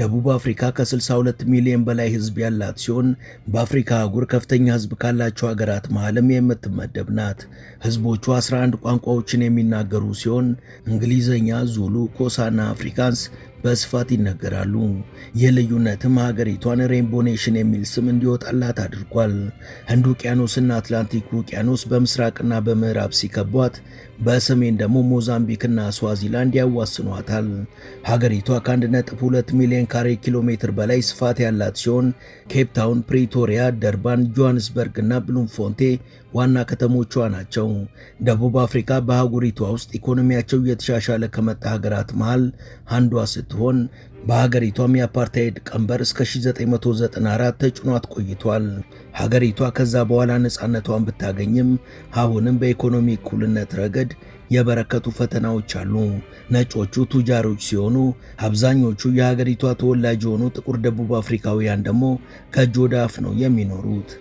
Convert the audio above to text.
ደቡብ አፍሪካ ከ62 ሚሊዮን በላይ ህዝብ ያላት ሲሆን በአፍሪካ አህጉር ከፍተኛ ህዝብ ካላቸው ሀገራት መሃልም የምትመደብ ናት። ህዝቦቹ 11 ቋንቋዎችን የሚናገሩ ሲሆን እንግሊዘኛ ። ዙሉ፣ ኮሳና አፍሪካንስ በስፋት ይነገራሉ። የልዩነትም ሀገሪቷን ሬንቦ ኔሽን የሚል ስም እንዲወጣላት አድርጓል። ህንድ ውቅያኖስና አትላንቲክ ውቅያኖስ በምስራቅና በምዕራብ ሲከቧት፣ በሰሜን ደግሞ ሞዛምቢክና ስዋዚላንድ ያዋስኗታል። ሀገሪቷ ከ1.2 ሚሊዮን ካሬ ኪሎ ሜትር በላይ ስፋት ያላት ሲሆን ኬፕታውን፣ ፕሪቶሪያ፣ ደርባን፣ ጆሃንስበርግ እና ብሉምፎንቴ ዋና ከተሞቿ ናቸው። ደቡብ አፍሪካ በአህጉሪቷ ውስጥ ኢኮኖሚያቸው እየተሻሻለ ከመጣ ሀገራት መሃል አንዷ ስትሆን ስትሆን በሀገሪቷም የአፓርታይድ ቀንበር እስከ 1994 ተጭኗት ቆይቷል። ሀገሪቷ ከዛ በኋላ ነፃነቷን ብታገኝም አሁንም በኢኮኖሚ እኩልነት ረገድ የበረከቱ ፈተናዎች አሉ። ነጮቹ ቱጃሮች ሲሆኑ አብዛኞቹ የሀገሪቷ ተወላጅ የሆኑ ጥቁር ደቡብ አፍሪካውያን ደግሞ ከእጅ ወደ አፍ ነው የሚኖሩት።